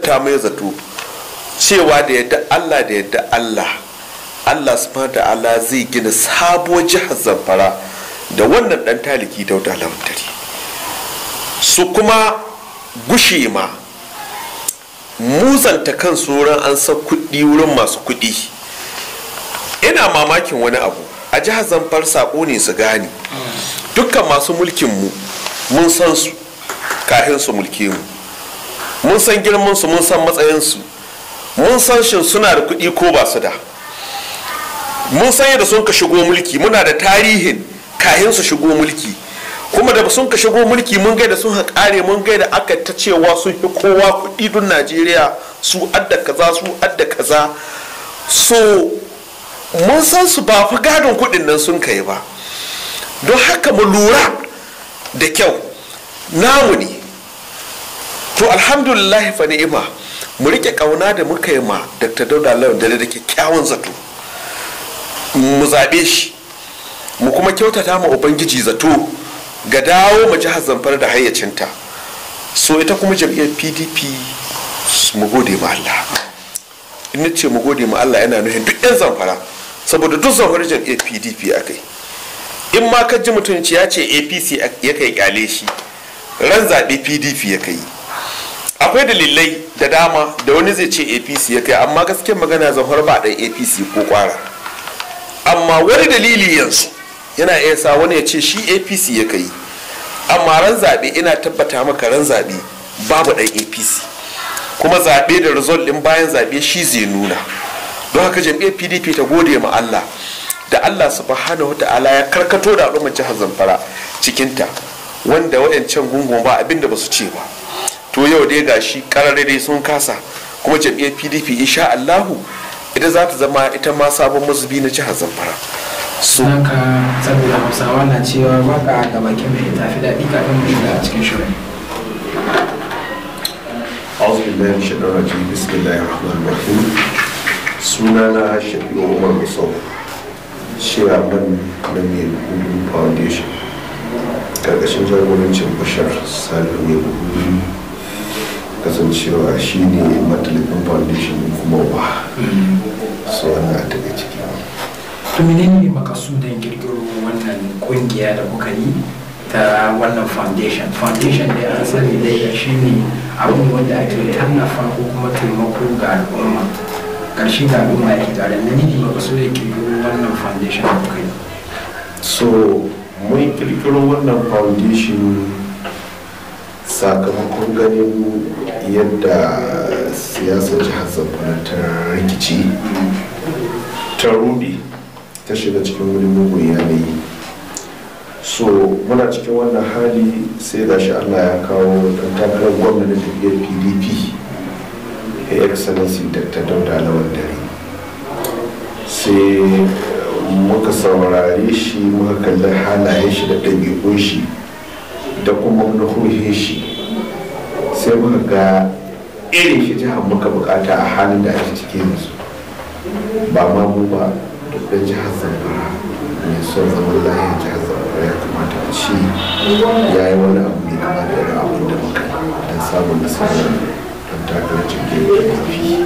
ta mai zato cewa da yadda Allah da yadda Allah Allah subhanahu da Allah zai gina sabuwar jihar Zamfara da wannan dan taliki dauda lamtari su kuma gushe ma muzanta kan tsoron an san kuɗi wurin masu kuɗi ina mamakin wani abu a jihar zamfar saƙo ne su gane dukkan masu mulkin mu mun san su kahinsu su mulke mu mun san girman su mun san matsayin su mun san shin suna da kuɗi ko ba su da mun san yadda sun ka shigo mulki muna da tarihin kayan su shigo mulki kuma da sun ka shigo mulki mun gaida sun ha kare mun gaida aka ta cewa sun fi kowa kuɗi don najeriya su adda kaza su adda kaza so mun san su ba fa gadon kuɗin nan sun kai ba don haka mu lura da kyau namu ne to alhamdulillah fa ni'ima mu rike kauna da muka yi ma dr dauda lawan da da kyakkyawan zato mu zaɓe shi mu kuma kyautata ma ubangiji zato ga dawo mu jihar zamfara da hayyacinta so ita kuma jam'iyyar pdp mu gode ma allah in ce mu gode ma allah yana nuhin duk yan zamfara saboda duk zamfara jam'iyyar pdp a kai in ma ka ji mutum ya ce apc ya kai kyale shi ran zaɓe pdp ya kai akwai dalilai da dama da wani zai ce apc ya kai amma gaskiyar magana zamfara ba ɗan apc ko kwara amma wani dalili yanzu yana iya sa wani ya ce shi apc ya kai amma ran zaɓe ina tabbata maka ran zaɓe babu ɗan apc kuma zaɓe da result ɗin bayan zaɓe shi zai nuna don haka jam'iyyar pdp ta gode ma allah da allah subhanahu ta'ala ya karkato da al'ummar jihar zamfara cikinta wanda waɗancan gungun ba abinda ba su ce ba to yau dai gashi kararre dai sun kasa kuma jam'iyyar pdp insha allahu ita za ta zama ita ma sabon mazubi na jihar zamfara su ka saboda hausawa na cewa ka ga baki mai tafi daɗi kafin mai a cikin shirin أعوذ بالله من الشيطان الرجيم بسم الله الرحمن الرحيم سنانا شفيع عمر مصور شيعبان na mai foundation karkashin jagorancin bashar salihu ne kasancewa shi ne matalibin foundation kuma ba su wani a daga ciki to menene ne makasudan kirkiro wannan kungiya da kuka yi ta wannan foundation foundation da an sani ya shi ne abin wanda ake tallafa ko kuma taimako ga al'umma ƙarshe ga al'umma yake tare da ne makasudan kirkiro wannan foundation da kuka yi so mun kirkiro wannan foundation sakamakon ganin yadda siyasar jihar zamfara ta rikici ta rubi ta shiga cikin wani mugun yanayi so muna cikin wannan hali sai da shi allah ya kawo dan takarar gwamnati tafiyar pdp ya excellency dr dauda lawan dare sai muka saurare shi muka kalli halaye shi da ɗabi'un shi da kuma nuhuhin shi sai muka ga irin shi jihar muka bukata a halin da ake cike yanzu ba ma mu ba duk da jihar zamfara mai son zaman lahiyar jihar zamfara ya kamata a ci ya yi wani abu mai kama da yana abin da muka don samun nasarar don takarar da ƙarfi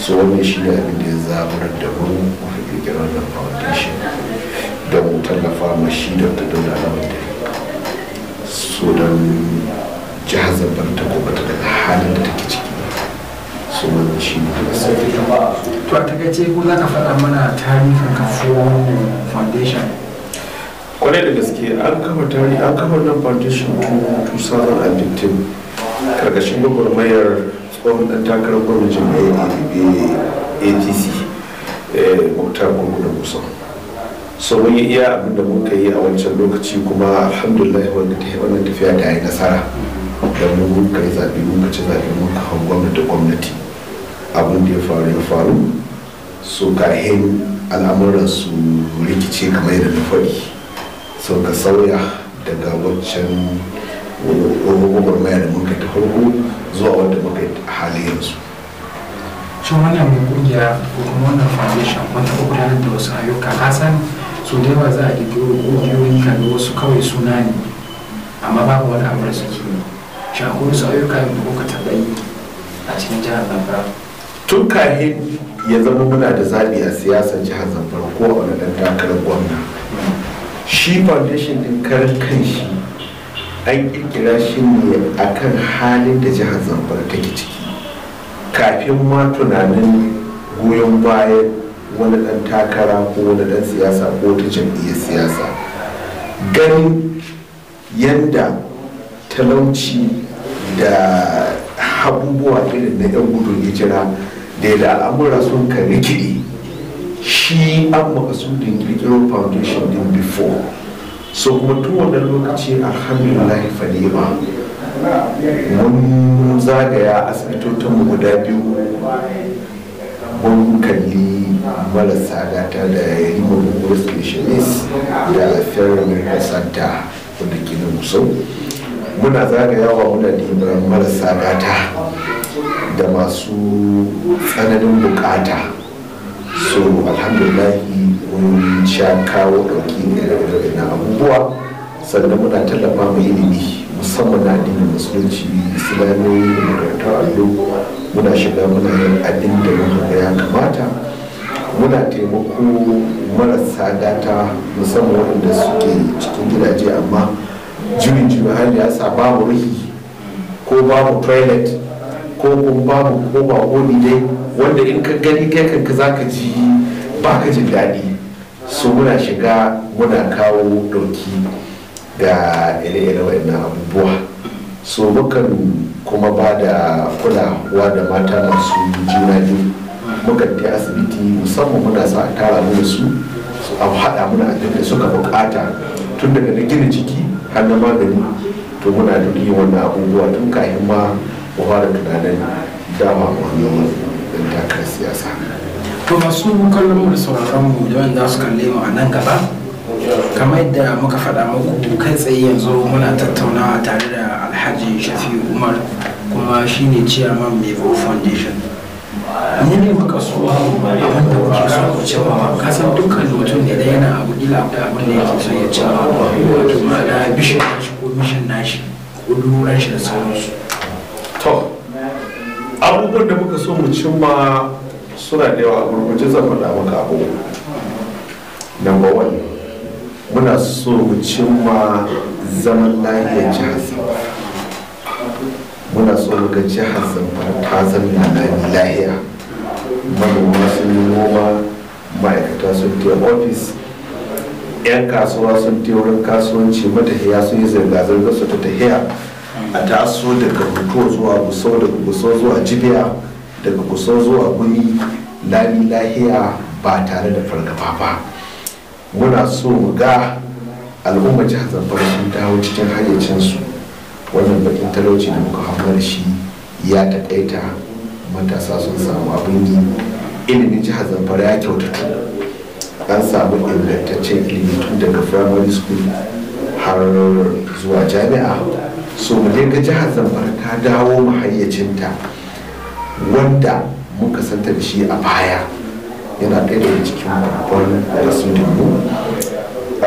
so wannan shi ne abin da ya zaburar da mu mafi ƙirƙirar da foundation don tallafa ma shi da ta dauna na so don jihar zambar ta gobata daga halin da take ciki su wannan shi ne da sai to a takaice ko za ka faɗa mana tarihin kafuwar foundation kwarai da gaske an kafa tari an kafa nan foundation 2015 karkashin gwagwarmayar tsohon dan takarar gwamnatin atc muktar eh, gungu da musamman so mun yi iya abin da muka yi a wancan lokaci kuma alhamdulillah wannan tafiya ta yi nasara don mu muka yi zaɓe muka ci zaɓe ka hau gwamnati gwamnati abin da ya faru ya faru so hin al'amuran su rikice kamar yadda na faɗi so ka sauya daga waccan gwagwarmaya da muka ta farko zuwa wadda muka hali yanzu shi wannan kungiya ko kuma wannan foundation wanda ko gudanar da wasu ayyuka na san su da yawa za a ko ƙungiyoyin kan wasu kawai suna ne amma babu wani abu da suke yi shahararru su ayyuka da kuka taɓa yi a cikin jihar zamfara tun kahin ya zama muna da zaɓi a siyasar jihar zamfara ko a wani ɗan takarar gwamna shi foundation din karan kanshi an ƙirƙira shi ne a kan halin da jihar zamfara take ciki kafin ma tunanin goyon bayan wani ɗan takara ko wani ɗan siyasa ko ta jam'iyyar siyasa ganin yadda talauci da abubuwa irin na 'yan gudun hijira da da al'amura sun ka rikiri shi an makasudin kirkiro foundation din before so kuma tun wannan lokaci alhamdulillah falima mun zagaya mu guda biyu mun kalli marasa gata da human specialist da federal medical center wanda ke da musau muna zagayawa muna neman marasa gata da masu tsananin bukata so alhamdulahi mun sha kawo ɗauki irin na abubuwa sannan muna tallafa mu ilimi musamman na addinin musulunci islamiyoyi da makarantar allo muna shiga muna yin abin da muka ya kamata muna taimako marasa gata musamman waɗanda suke cikin gidaje amma juyin juyin hali ya sa babu ruhi ko babu toilet ko kuma babu ko ba dai wanda in ka gani kai kanka za ka ji ba ka jin daɗi so muna shiga muna kawo ɗauki ga ire-ire waɗannan abubuwa so mukan kuma ba da kulawa da mata masu juna biyu muka ta asibiti musamman muna sa tara mu da su abu haɗa muna a da suka bukata tun daga na gina jiki har na magani to muna da yin wannan abubuwa tun kafin ma mu fara tunanin dama mu hannu ɗan takarar siyasa to masu kallon mu da sauraron mu da wanda su kalle mu a nan gaba kamar yadda muka faɗa muku kai tsaye yanzu muna tattaunawa tare da alhaji shafi umar kuma shine ciyaman mai foundation Mun ne makasuwa abin da muke so ku Ka san dukkan mutum ne da yana abu gila da abin da yake so ya cewa wato ma da bishin nashi ko mishin nashi ko duran shi da sauransu to abubuwan da muka so mu cimma suna da yawa gurgurje zan faɗa maka abu number one muna so mu cimma zaman lafiyar jihar muna so ga jihar zamfara ta zama na lahiya manoma sun yi noma ma'aikata sun te ofis yan kasuwa sun te wurin kasuwanci matahiya sun yi zirga-zirga su ta tahiya a taso daga hoto zuwa guso daga guso zuwa jibiya daga guso zuwa gumi lami lahiya ba tare da fargaba ba muna so ga al'ummar jihar zamfara sun dawo cikin hayyacinsu wannan bakin talauci da muka hamar da shi ya taƙaita matasa sun samu abin yi ilimin jihar zamfara ya kyautatu an samu ingantaccen ilimi tun daga primary school har zuwa jami'a so mu ga jihar zamfara ta dawo mahayyacinta wanda muka santa da shi a baya yana ɗaya daga cikin babban rasu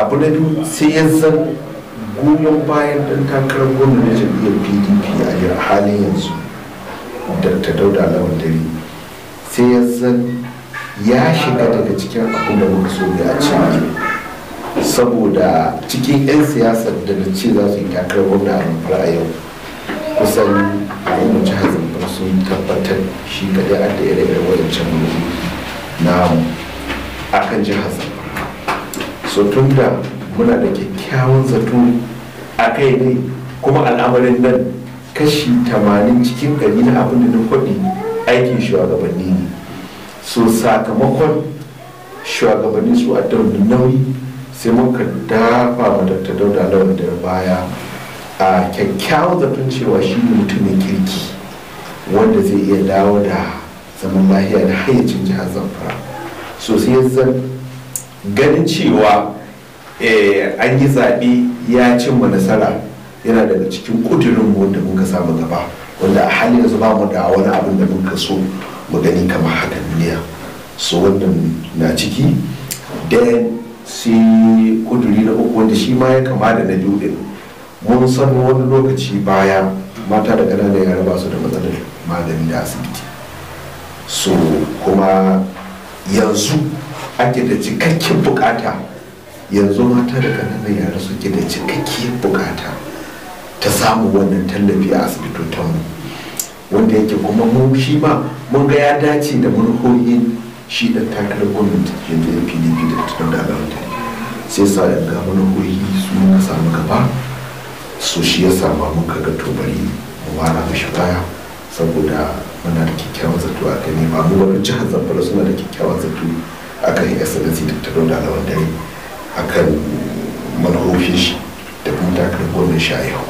abu na biyu sai ya zan goyon bayan ɗan takarar gwamna na jam'iyyar pdp a halin yanzu Da ta dauda lawan dare sai ya zan ya shiga daga cikin abin da muka so ya saboda cikin 'yan siyasar da na ce za su yi takarar gwamna a rumfar a yau kusan al'ummar jihar hazin sun tabbatar shi kadai a da ire-ire wadancan na akan jihar zamfara so tun da muna da kyakkyawan zato a kai ne kuma al'amarin nan kashi tamanin cikin gari na abin da na kwaɗi aikin shugabanni ne so sakamakon shugabanni su a daunin nauyi sai muka dafa wa dr dauda lawan da baya a kyakkyawan zato cewa shi ne mutumin kirki wanda zai iya dawo da zaman lahiya da hayyacin jihar zamfara so sai ganin cewa Eh, an yi zaɓi ya cin mu nasara yana daga cikin ƙudurin mu da muka samu gaba wanda a halin yanzu ba mu da wani abin da muka so mu gani kamar haka duniya so wannan na ciki then sai kuduri na uku wanda shi ma ya kama da na biyu din mun san wani lokaci baya mata da ƙananan yara ba su da matsalar magani da asibiti so kuma yanzu ake da cikakken bukata yanzu mata da ƙananan yara suke da cikakkiyar bukata ta samu wannan tallafi a asibitotanmu wanda yake kuma mu shi ma mun ga ya dace da manhohin shi ɗan takarar gwamnati yanzu ya pdp da tattalin da alamta sai sa da ga manhohi su muka samu gaba su shi ya mun muka ga tobari mu wara mashi baya saboda muna da kyakkyawan zato a gani ba mu wani jihar zamfara suna da kyakkyawan zato a kan snsc da tattalin da dare. akan manufofin shi da kuma takar gwamnan shi a yau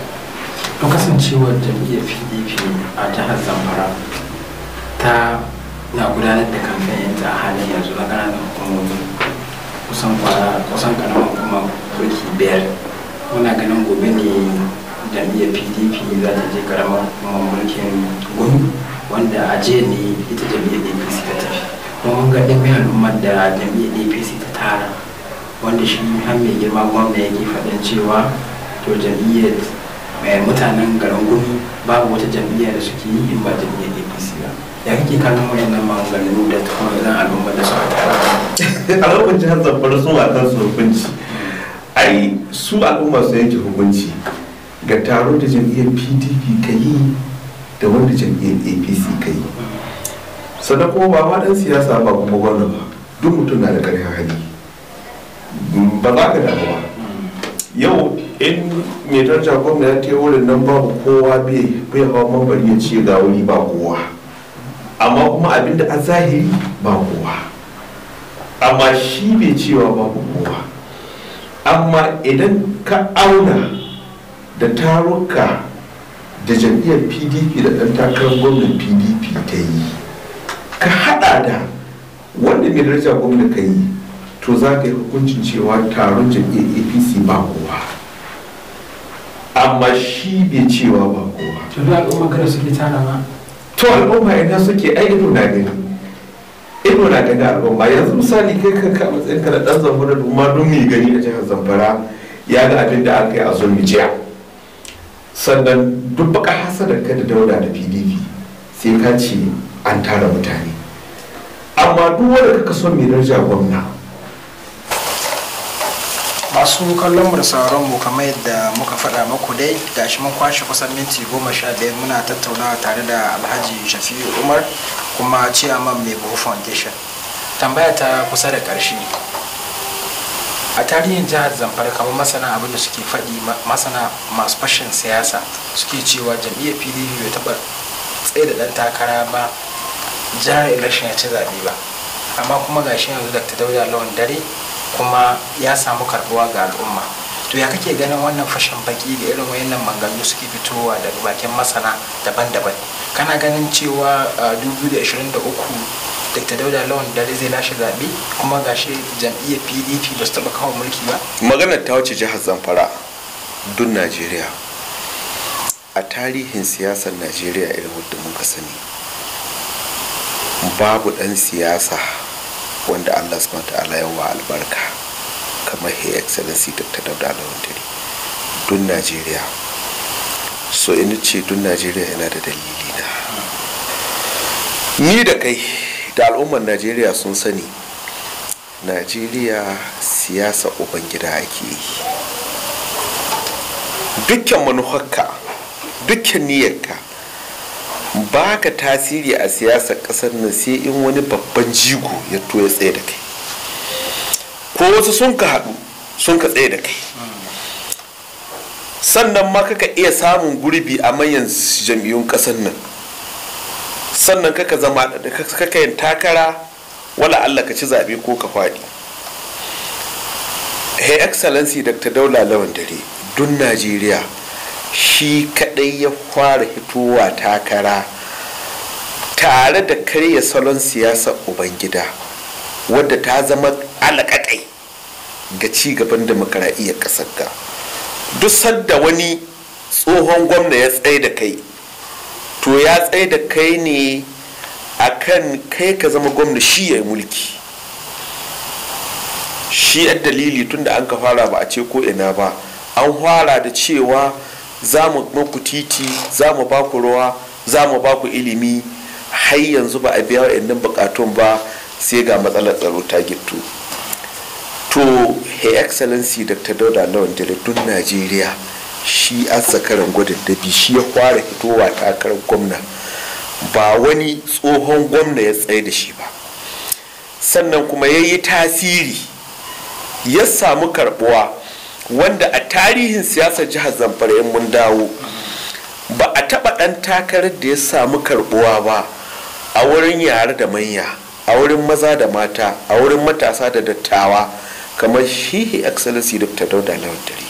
to kasancewar jam'iyyar pdp a jihar zamfara ta na gudanar da kamfaninta a halin yanzu na ƙananan hukumomi kusan kwara kusan ƙananan kuma kurki biyar muna ganin gobe ne jam'iyyar pdp za ta je ƙaramar hukumar mulkin gwamnati wanda a jiya ne ita jam'iyyar apc ta tafi kuma mun ga ɗin al'ummar da jam'iyyar apc ta tara wanda shi har mai girma gwamna yake faɗin cewa to jam'iyyar eh, mutanen garin gumi babu wata jam'iyyar da suke yi in ba jam'iyyar apc ba ya kake kallon wayannan maganganu da ta kuma idan al'umma da suka tara a lokacin har zabbar sun wa su hukunci ai su al'umma su yanke hukunci ga taro da jam'iyyar pdp ka yi da wanda jam'iyyar apc ka yi sannan kuma ba ma dan siyasa ba kuma gwamna ba duk mutum na da ƙarfin hali ba za ka damu ba yau in mai tarja gwamna ya ta wurin nan babu kowa bai hawa mambari ya ce ga wuri ba kowa amma kuma abin da a zahiri ba kowa amma shi bai cewa babu kowa amma idan ka auna da taruka da jam'iyyar pdp da ɗan takarar gwamnan pdp ta yi ka hada da wanda mai daraja gwamna ka yi to za ka yi hukuncin cewa taron jam'iyyar apc ba kowa amma shi bai cewa ba kowa to da al'umma kada suke tara ma to al'umma idan suke ai ido na gani ido na gani al'umma yanzu misali kai kan kama matsayin kada da dan zamfara don mai gani a jihar zamfara ya ga abin da aka yi a zulmi jiya sannan duk baka hasadar ka da dauda da pdp sai ka ce an tara mutane amma duk wanda kaka son mai daraja gwamna masu kallon mu da mu kamar yadda muka faɗa muku dai gashi mun kwashe kusan minti goma sha biyar muna tattaunawa tare da alhaji shafi'u umar kuma ciyaman mai buhu foundation tambaya ta kusa da ƙarshe a tarihin jihar zamfara kamar masana abin da suke faɗi masana masu fashin siyasa suke cewa jam'iyyar pdp bai taɓa tsaye da ɗan takara ba jihar election ya ci zaɓe ba amma kuma gashi yanzu dr dauda lawan dare kuma ya samu karbuwa ga al'umma to ya kake ganin wannan fashin baki da irin wayannan mangalu suke fitowa daga bakin masana daban-daban kana ganin cewa 2023 ah, dr dauda lawan dare zai lashe zaɓe kuma gashi jam'iyyar pdp ba su taɓa kawo mulki ba maganar ta wuce jihar zamfara duk najeriya a tarihin siyasar najeriya irin wadda muka sani babu ɗan siyasa wanda Allah subhanahu ta'ala yau wa albarka kamar hey Excellency Dr. Dauda Lawantari dun Najeriya so ina ce dun Najeriya yana da dalili na ni da kai da al'ummar Najeriya sun sani Najeriya siyasa ubangida ake yi dukkan manufarka dukkan niyarka. baka tasiri a siyasar kasar nan sai in wani babban jigo ya ya tsaye da kai ko wasu sun ka haɗu sun ka tsaye da kai sannan ma kaka iya samun gurbi a manyan jam'iyyun kasar nan sannan kaka zama kaka yin takara wala Allah ka ci zaɓe ko ka faɗi hey excellency dr daula lawan dare dun najeriya shi kadai ya fara hitowa takara tare da karya salon siyasar ubangida wadda ta zama alakatai ga cigaban demokaradiyyar ƙasar ga duk sadda wani tsohon gwamna ya tsaye da kai to ya tsaye da kai ne akan kai ka zama gwamna shi ya yi mulki shi ya dalili tunda an ka fara ba a ce ko ina ba an fara da cewa za mu muku titi za mu ba ku ruwa za mu ba ku ilimi har yanzu ba a biya wa wa'annan bukatun ba sai ga matsalar tsaro ta gittu to her excellency dr dauda lawan jaridun najeriya shi azzakaran da dabi shi ya fara fitowa takarar gwamna ba wani tsohon gwamna ya tsaye da shi ba sannan kuma ya yi tasiri ya samu karɓuwa. wanda a tarihin siyasar jihar zamfara yin mun dawo ba a taɓa ɗan takarar da ya samu karbuwa ba a wurin yare da manya a wurin maza da mata a wurin matasa da dattawa kamar shi excellency dr dauda lawantari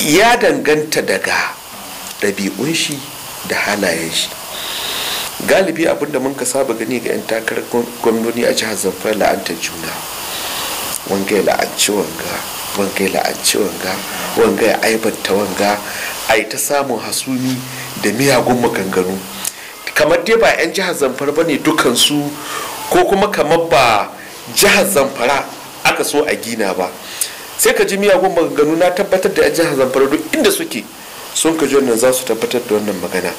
ya danganta daga ɗabi'un shi da halayen shi galibi abinda mun ka saba gani ga 'yan takarar gwamnoni a jihar zamfara la'antar juna wanga ya la'anci wanga wanga ya la'anci wanga wanga ya aibanta wanga a ta samun hasumi da miyagun maganganu kamar dai ba 'yan jihar zamfara ba ne dukansu ko kuma kamar ba jihar zamfara aka so a gina ba sai ka ji miyagun maganganu na tabbatar da 'yan jihar zamfara duk inda suke sun ka ji wannan za su tabbatar da wannan magana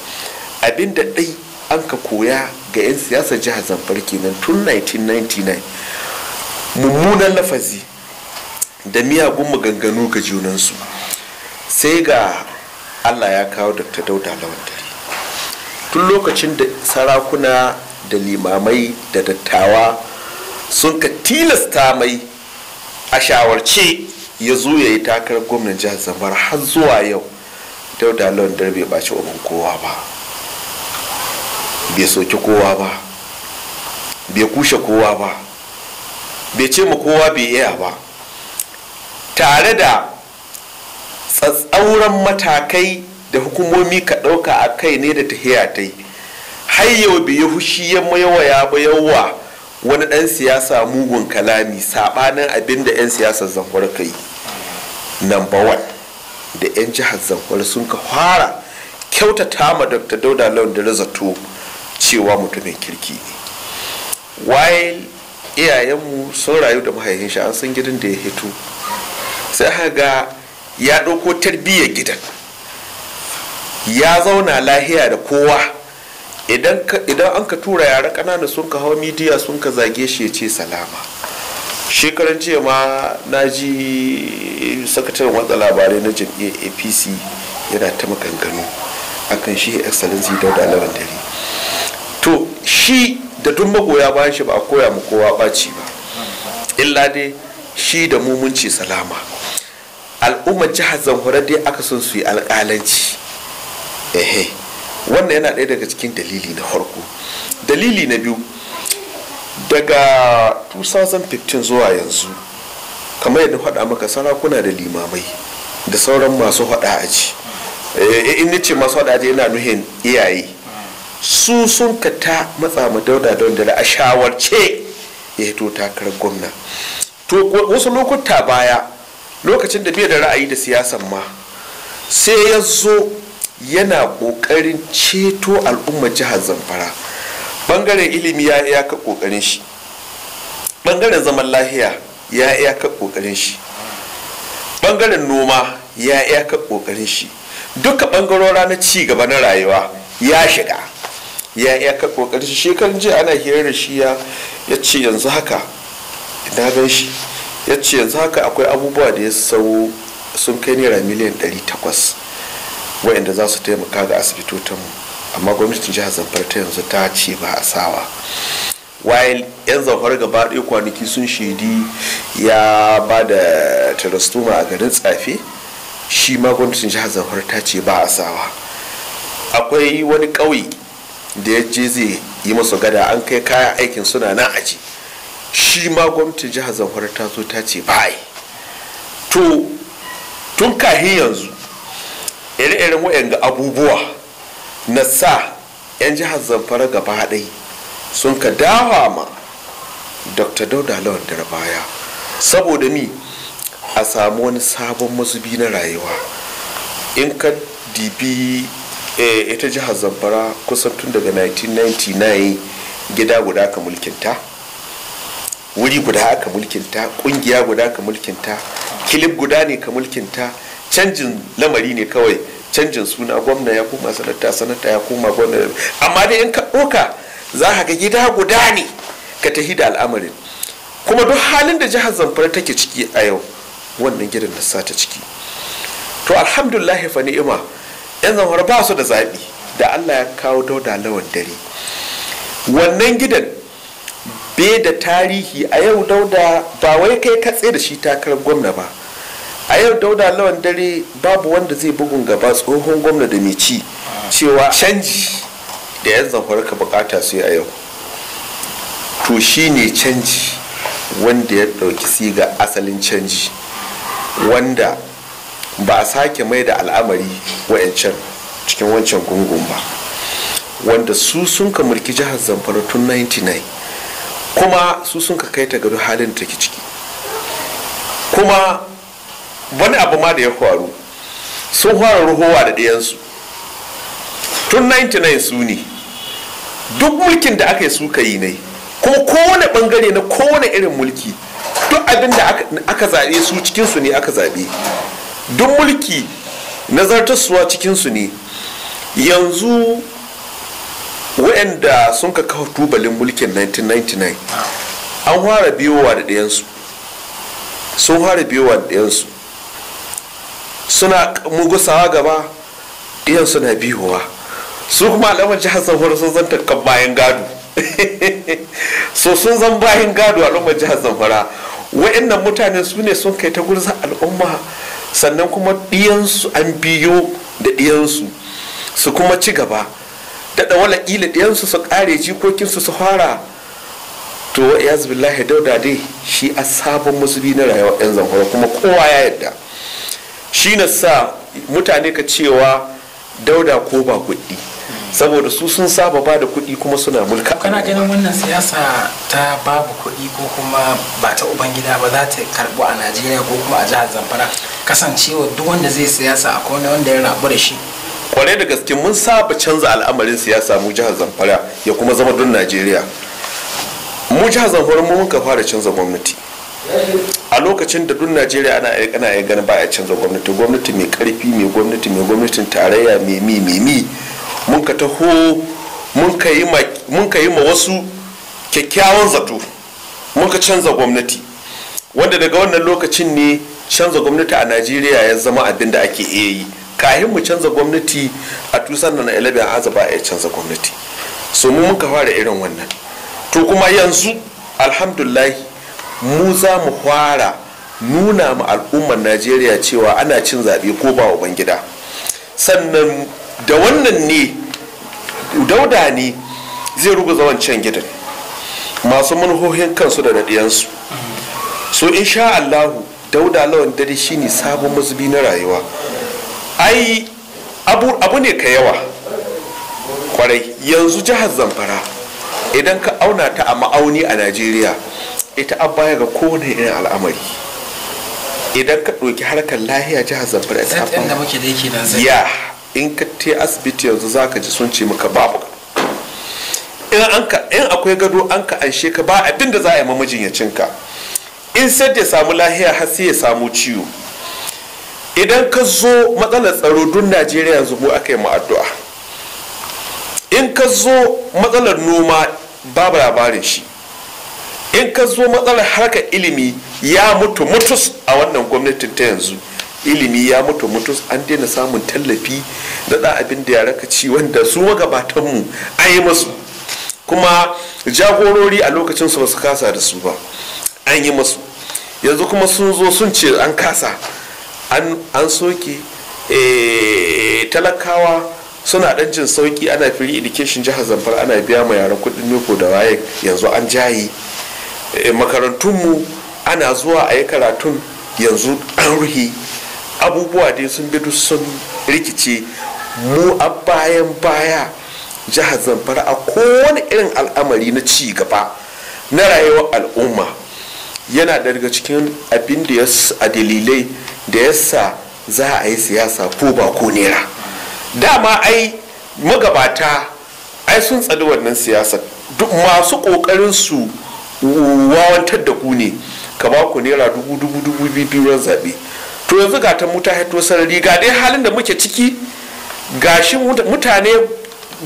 abinda dai an ka koya ga 'yan siyasar jihar zamfara kenan tun 1999 mummunan lafazi da miyagun maganganu ga junansu sai ga allah ya kawo ta dauda lawantari tun lokacin da sarakuna da limamai da dattawa sun ka tilasta mai a shawarce ya zo ya yi takarar gwamnan jihar zamfara har zuwa yau dauda dare bai baci abin kowa ba bai soki kowa ba bai kushe kowa ba bai ce ma kowa bai iya ba tare da tsatsauran matakai da hukumomi ka ɗauka a kai ne da tahiya ta yi har yau biyu hushi ya mayawa ya bayawa wani ɗan siyasa mugun kalami saɓanin abin da 'yan siyasar zamfara ka yi number one da 'yan jihar zamfara sun ka fara kyautata ma dr dauda lawan da zato cewa mutumin kirki ne while iyayenmu sun rayu da mahaifin shi an san gidan da ya hito sai aka ga ya ɗauko tarbiyyar gidan ya zauna lahiya da kowa idan an ka tura yara ƙananan sun ka hawa midiya sun ka zage shi ya ce salama shekaran jiya ma na ji sakataren watsa labarai na jam'iyyar apc yana ta maganganu akan shi excellency dauda lawan dare to shi da duk magoya bayan shi ba a koya mu kowa ɓaci ba illa dai shi da mumunci salama al'ummar jihar zamfara dai aka son su yi alƙalanci ehe wannan yana ɗaya daga cikin dalili na farko dalili na biyu daga 2015 zuwa yanzu kamar yadda faɗa maka sarakuna da limamai da sauran masu faɗa aji eh, in ni ce masu faɗa a aji yana nuhin iyaye su sun ka ta matsa ma dauda dauda da a shawarce ya hito takarar gwamna to wasu lokuta baya lokacin da bai da ra'ayi da siyasan ma sai ya zo yana kokarin ceto al'ummar jihar zamfara bangaren ilimi ya iyaka kokarin shi bangaren zaman lahiya ya iyaka kokarin shi bangaren noma ya iyaka kokarin shi duka bangarora na ci gaba na rayuwa ya shiga ya iyaka kokarin shi shekarun jiya ana hirar da shi ya ce yanzu haka na gan shi ya ce yanzu haka akwai abubuwa da ya sau sun kai naira miliyan 800 waɗanda za su taimaka ga mu amma gwamnatin jihar zamfara ta yanzu ta ce ba a sawa wayan yan zamfar gaba ɗaya kwanaki sun shaidi ya ba da tarastoma a garin tsafe shi ma gwamnatin jihar zamfara ta ce ba a sawa akwai wani ƙauye da ya je zai yi masa gada an kai kayan aikin suna nan aji shi ma gwamnatin jihar zamfara ta zo ta ce bai to tun kahin yanzu ire-iren waɗanda abubuwa na sa 'yan jihar zamfara gaba haɗai sun ka dawa ma dr dauda lawan baya saboda ni a samu wani sabon mazubi na rayuwa in ka dibi eh, ita jihar zamfara kusan tun daga 1999 gida guda ka mulkinta wuri guda aka mulkinta kungiya guda ka mulkinta kilif guda ne ka mulkinta canjin lamari ne kawai canjin suna gwamna ya koma sanata sanata ya koma gwamna amma dai in ka ɗoka za ka ga gida guda ne ka tafi da al'amarin kuma duk halin da jihar zamfara take ciki a yau wannan gidan na sata ciki to alhamdulillah fa ni'ima yan zamfara ba su da zaɓi da allah ya kawo dauda lawan dare wannan gidan be da tarihi a yau dauda ba wai kai katse da shi takarar gwamna ba a yau dauda lawan dare babu wanda zai bugun gaba tsohon gwamna da mai ci cewa canji da yan zamfara ka bukata su a yau to shi ne canji wanda ya ɗauki siga asalin canji wanda ba a sake mai da al'amari wa'ancan cikin wancan gungun ba wanda su sun ka mulki jihar zamfara tun 99 kuma su sun ka kai ta gado halin da take ciki kuma wani abu ma da ya faru sun fara ruhowa da ɗayansu tun 99 su ne duk mulkin da aka yi suka yi ne kuma kowane bangare na kowane irin mulki duk abin da aka zaɓe su cikinsu ne aka zaɓe duk mulki na suwa cikinsu ne yanzu waɗanda sun ka kawo tubalin mulkin 1999 an fara biyowa da ɗayansu sun fara biyowa da ɗayansu suna mugusawa gaba ɗayan suna biyowa su kuma alamar jihar zamfara sun zanta kan bayan gado so sun zan bayan gado Alamar jihar zamfara wa'annan mutane su ne sun kai ta gurza al'umma sannan kuma ɗiyansu an biyo da ɗiyansu su kuma ci gaba daɗa wala ila ɗiyansu su kare jikokinsu su fara to wa iyaz billahi dauda dai shi a sabon musubi na rayuwa yan zamfara kuma kowa ya yadda shi na sa mutane ka cewa dauda ko ba kuɗi saboda su sun saba ba da kuɗi kuma suna mulka kana ganin wannan siyasa ta babu kuɗi ko kuma ba ta ubangida ba za ta karɓo a najeriya ko kuma a jihar zamfara kasancewa duk wanda zai siyasa akwai wanda ya rabu da shi kwarai da gaske mun saba canza al'amarin siyasa mu jihar zamfara ya kuma zama don najeriya mu jihar zamfara mu muka fara canza gwamnati a lokacin da dun najeriya ana kana ya gani ba a canza gwamnati gwamnati mai karfi mai gwamnati mai gwamnatin tarayya mai mi mai mi mun ka taho mun ka yi ma wasu kyakkyawan zato mun ka canza gwamnati wanda daga wannan lokacin ne canza gwamnati a najeriya ya zama abin da ake iya yi kayan mu canza gwamnati a tusan na elebi a azaba a canza gwamnati so mu muka fara irin wannan to kuma yanzu alhamdulahi mu za mu fara nuna ma al'ummar najeriya cewa ana cin zaɓe ko ba bangida sannan da wannan ne dauda ne zai ruguza wancan gidan masu manuhohin kansu da daɗiyansu so insha allahu dauda lawan dare shine sabon mazubi na rayuwa ai abu ne ka yawa kwarai yanzu jihar zamfara idan ka auna ta a ma'auni a najeriya ita an baya ga kowane irin al'amari idan ka ɗauki harkar lahiya jihar zamfara ita an ya in ka te asibiti yanzu za ka ji sun ce maka babu in akwai gado an ka anshe ka ba abin da za a yi mamajin ya cinka in sai ya samu lahiya har sai ya samu ciwo idan ka zo matsalar tsaro duk najeriya yanzu mu aka yi mu addu'a in ka zo matsalar noma babu labarin shi in ka zo matsalar harkar ilimi ya mutu mutus a wannan gwamnatin ta yanzu ilimi ya mutu mutus an daina samun tallafi da da abin da yara ka ci wanda su magabatanmu an yi masu kuma jagorori a lokacin su ba su kasa da su ba an yi masu yanzu kuma sun zo sun ce an kasa an soke eh, talakawa suna dan jin sauki ana free education jihar zamfara ana biya ma yara kudin nuko da waye yanzu an jayi eh, makarantunmu ana zuwa a yi karatun yanzu an ruhi abubuwa dai sun bi duk sun rikice mu a bayan baya jihar zamfara a kowane irin al'amari na ci gaba na rayuwar al'umma yana daga cikin abin da ya a dalilai da yasa za a yi siyasa ko ba ko nera dama ai magabata ai sun tsadi wannan siyasa duk masu kokarin su wawantar da ku ne ka ba ku nera dubu dubu dubu biyu zabe to yanzu ga ta muta haito sarari ga dai halin da muke ciki gashi mutane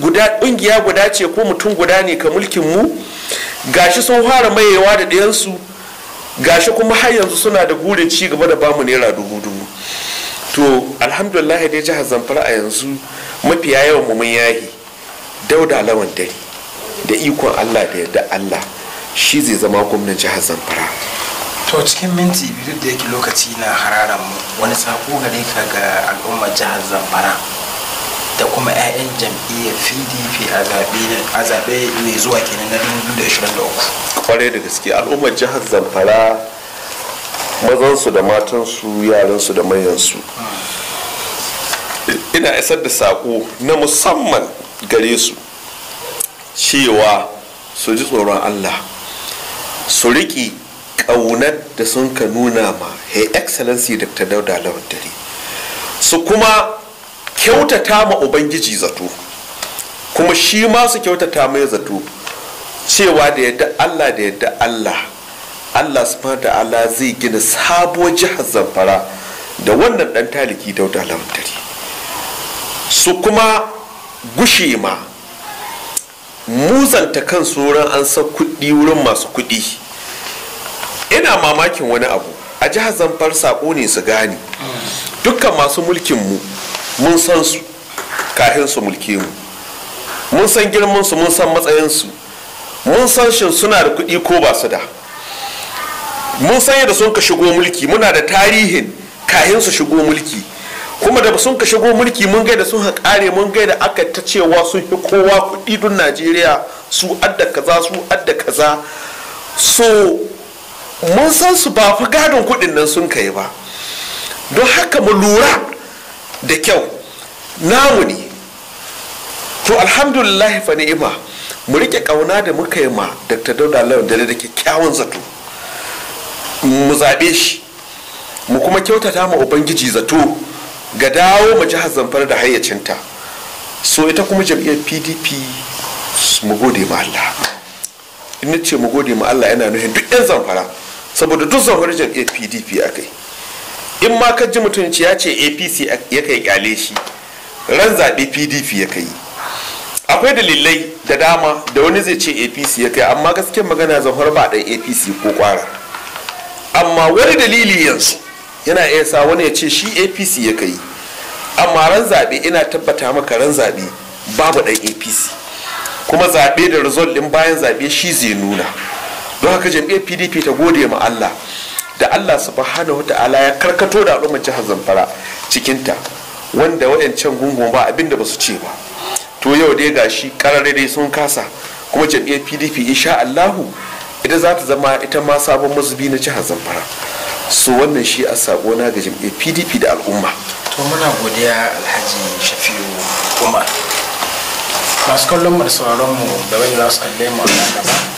guda ƙungiya guda ce ko mutum guda ne ka mulkin mu gashi sun fara mayewa da ɗayansu gashi kuma har yanzu suna da gure ci gaba da bamu naira dubu dubu to alhamdulillah dai jihar zamfara a yanzu mafi yawan mu mun yahi da lawan dare da ikon allah da yarda allah shi zai zama gwamnan jihar zamfara to cikin minti biyu da yake lokaci na hararan mu wani sako gare ka ga al'ummar jihar zamfara da kuma 'ya'yan jam'iyyar pdp a zaɓe mai zuwa kenan na 2023 kwarai da gaske al'ummar jihar zamfara mazansu da matansu yaransu da su. ina isar da saƙo na musamman gare su cewa su ji tsoron allah su riki ƙaunar da sun ka nuna ma her excellency dr dauda lawan dare su kuma kyautata ma ubangiji zato kuma shi ma su kyautata mai zato cewa da yadda allah da yadda allah allah subhanahu Allah zai gina sabuwar jihar zamfara da wannan dan taliki dauda lamtari su kuma gushe ma muzanta kan wurin an sa kudi wurin masu kudi. ina mamakin wani abu a jihar zamfar saƙo ne su gane dukkan masu mulkin mu mun san su kahin su mulke mu mun san girman su mun san matsayin su mun san shin suna da kuɗi ko ba su da mun san yadda sun ka shigo mulki muna da tarihin kahin su shigo mulki kuma da sun ka shigo mulki mun gaida sun ha kare mun gaida aka ta cewa sun fi kowa kuɗi dun najeriya su adda kaza su adda kaza so mun san su ba fa gadon kuɗin nan sun kai ba don haka mu lura da kyau namu ne to alhamdulillah fa ni'ima mu rike kauna da muka yi ma dr dauda lawan dare da kyakkyawan zato mu zaɓe shi mu kuma kyautata ma ubangiji zato ga dawo mu jihar zamfara da hayyacinta so ita kuma jam'iyyar pdp mu gode ma allah in ce mu gode ma allah yana nufin duk 'yan zamfara saboda duk zamfara jam'iyyar pdp a kai in ma ka ji mutunci ya ce apc ya kai kyale shi ran zaɓe pdp ya kai akwai dalilai da dama da wani zai ce apc ya kai amma gaskiyar magana zafar ba ɗan apc ko kwara amma wani dalili yanzu yana iya sa wani ya ce shi apc ya kai amma ran zaɓe ina tabbata maka ran zaɓe babu ɗan apc kuma zaɓe da result ɗin bayan zaɓe shi zai nuna don haka jam'iyyar pdp ta gode ma allah da Allah subhanahu ta'ala ya karkato da al'ummar jihar Zamfara cikin ta wanda waɗancan gungu ba abinda ba su ce ba to yau dai gashi karare dai sun kasa kuma jam'iyyar PDP insha Allahu ita za ta zama ita ma sabon mazubi na jihar Zamfara so wannan shi a sako na ga jam'iyyar PDP da al'umma to muna godiya Alhaji Shafi'u Umar masu kallon mu da sauraron mu da wani za su kalle mu a gaba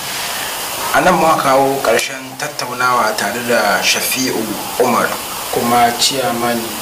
a nan muka kawo karshen tattaunawa tare da shafi'u umar kuma ciyaman